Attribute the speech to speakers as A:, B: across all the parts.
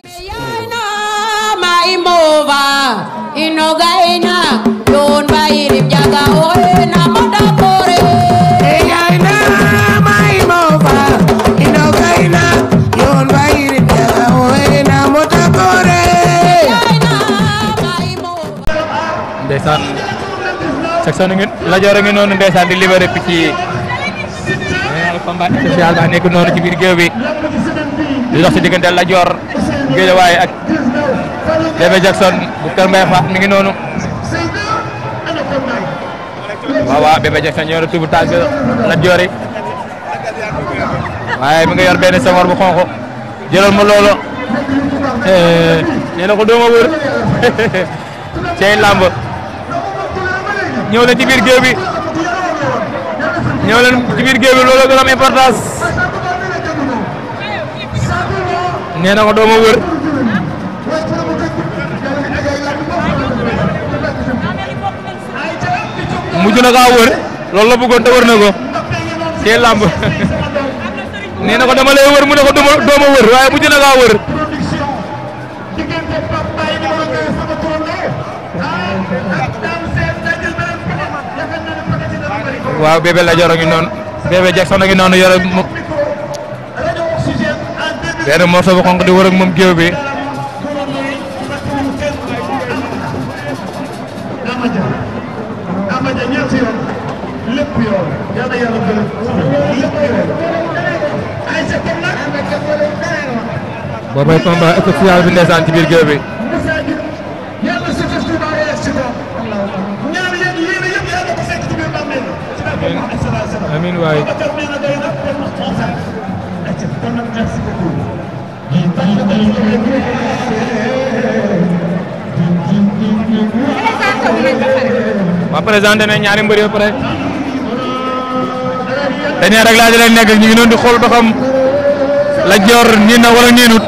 A: ndeysaan section ngeen Lajoor a ngi noonu ndeysaan di libéré picc yi eh, combat spécial ba nekk noonu ci biir géew bi li dox si diggante Lat Jackson bu Kër Mbaye Faat mi ngi noonu waaw waaw Bébé Jackson tubu tànk Lat Dior waaye mi ngi yor benn sangor bu xonq jëlal ma loolu nee na ko dooma wër cey làmb ñëw na ci biir géew bi ñëw leen ci nee na ko dooma wër mujj na kaa wër loolu la bëggoon te wër na ko te làmb nee na ko dama lay wër mu ne ko dooma wër waaye mujj na kaa wër waaw bébé la Jackson a ngi noonu yore benn morso bu xonq di wër ak moom géew bi boobay combat spécial bi ndeysaan ci biir géew bi amiin waay waa présenté ne ñaari mbër yëpp rek dañuy rek laaj rek nekk ñu ngi doon di xool ba xam la joor niin na wala niinut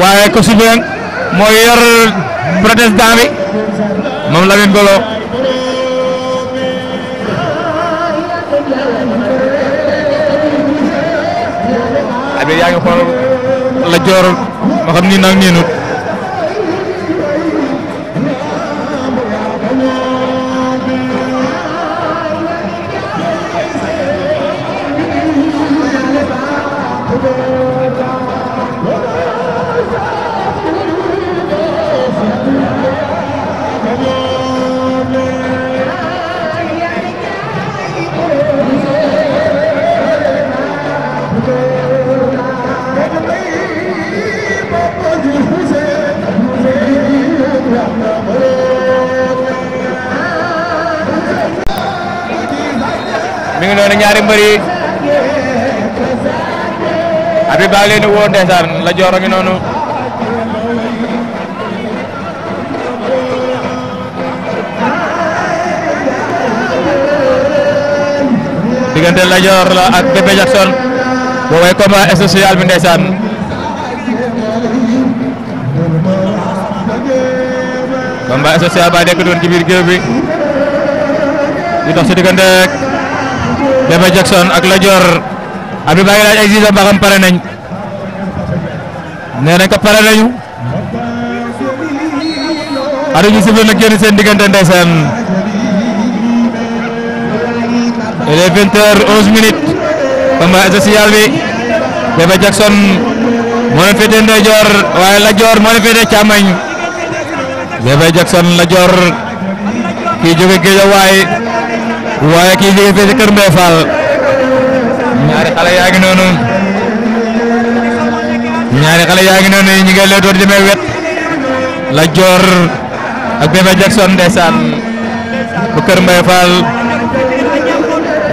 A: waaye ko si benn mooy yor protestant bi moom Lamine Golo yaa ngi xool joor ma xam nii nag niinut mi ngi noonu ñaari mbër yi abi baa leen woo la joor a ngi noonu diggante la joor ak bébé Jackson boobay combat social bi ndeysaan combat social ba nekk doon ci biir géew bi di dox si diggante Bébé Jackson ak Lat Dior Abdou Ba ngi laaj ay gis ba xam pare nañ nee nañ ko ñu sifflé na génn seen diggante ndeysaan il est vingt heures onze minutes combat social bi Bébé Jackson moo leen féetee waaye Lat Dior moo leen féetee càmmoñ Bébé Jackson Lat kii jóge waaye kii jóge fee ci Kër Mbaye Fall xale yaa ngi noonu ñaari xale yaa ngi noonu ñi nga leetoon jëmee wet la ak Bébé Jackson ndeysaan bu Kër Mbaye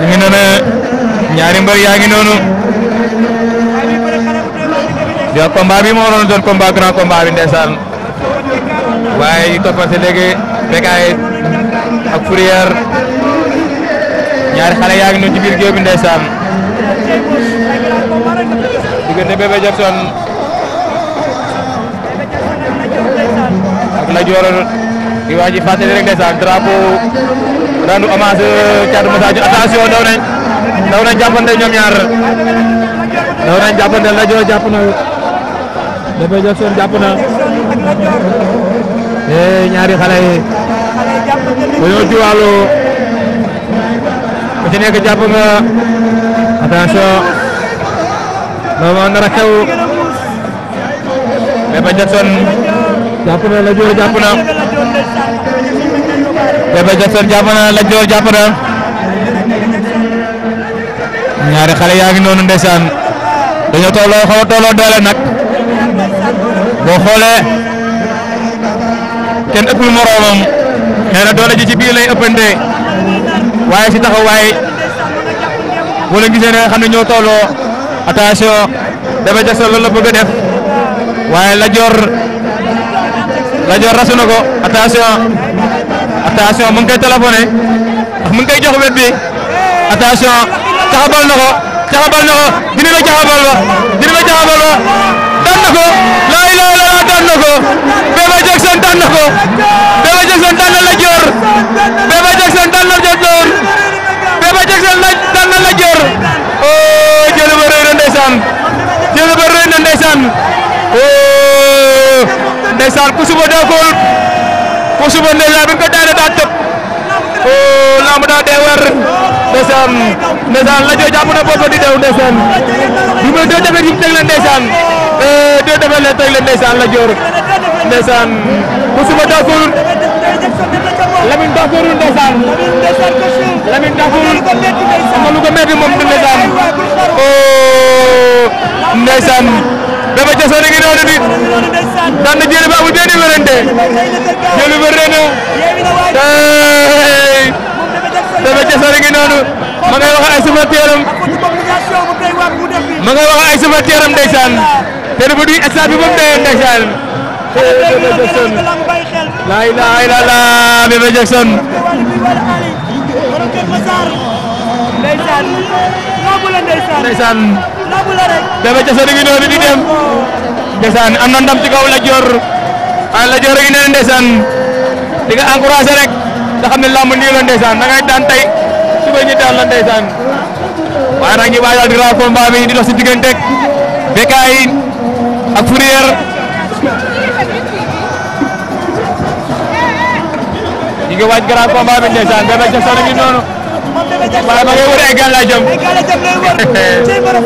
A: ngi noonu ñaari mbër yaa ngi noonu yo combat bi moo waroon doon combat grand combat bi ndeysaan waaye yi toppante léegi Bécaye ak Fourrière ñaari xale yaa ngi noonu ci biir géew bi ndeysaan diggante Bébé Jackson ak Lat Dior di waaj a fàttali rek ndeysaan drapeau rendu hommage Thiatou Moussa Diop attention daw nañ daw nañ jàppante ñoom ñaar daw nañ jàppante Lat Dior jàpp na Bébé Jackson jàpp na eh, ñaari xale yi dañoo jiwaaloo ku ci nekk jàpp nga attention loolu moo nar a xew Bébé Jackson jàpp na Lat Dior jàpp na Bébé Jackson jàpp na Lat Dior jàpp na ñaari xale yaa ngi noonu ndeysaan dañoo tolloo xaw a tolloo doole nag boo xoolee kenn ëppul moroomam xëy na doole ji ci biir lay ëppantee. waaye si taxawaay boo leen gisee ne nga xam ne ñoo la bëgg a def waaye la Dior Lat Dior rasu na ko attention attention mu ngi koy téléphoné ndax mu ngi koy jox wet bi attention caxabal na ko caxabal na ko dina la caxabal ba dina la caxabal ba daan na ndeysaan Koussouba daa ko Koussouba ndeysaan bi nga ko daane daa oo oh, lamb daa dee weer ndeysaan la joo jàpp na boobu di dew ndeysaan bi ma deux defet yi mu teg leen ndeysaan eh, deux defet la teg leen ndeysaan la joo rek ndeysaan Koussouba daa ko Lamine Dakourou ndeysaan Lamine Dakourou am na lu ko metti moom ndeysaan oo oh, ndeysaan Bébé Diassone daan na jëli ba amul benn wérante jëli wérante na tey Bébé ngi noonu ma ngay wax ay supporteram ma ngay wax ay supporteram ndeysaan te dafa duy stade bi laa ilaaha illallaah Bébé ndeysaan Bébé Diassé ngi noonu di dem ndeysaan am na ndam ci kaw Lat Dior ah, a ngi neen ndeysaan di nga encouragé rek nga xam ne làmb nii la daan tey suba ñu daan la ndeysaan waaye nag ñu waajal grand combat di dox si digganteeg Bécaye ak Fourrière ñu ngi waaj grand combat bi ndeysaan Bébé Diassé ngi noonu waaye ma ngay wër ay gàllankoor.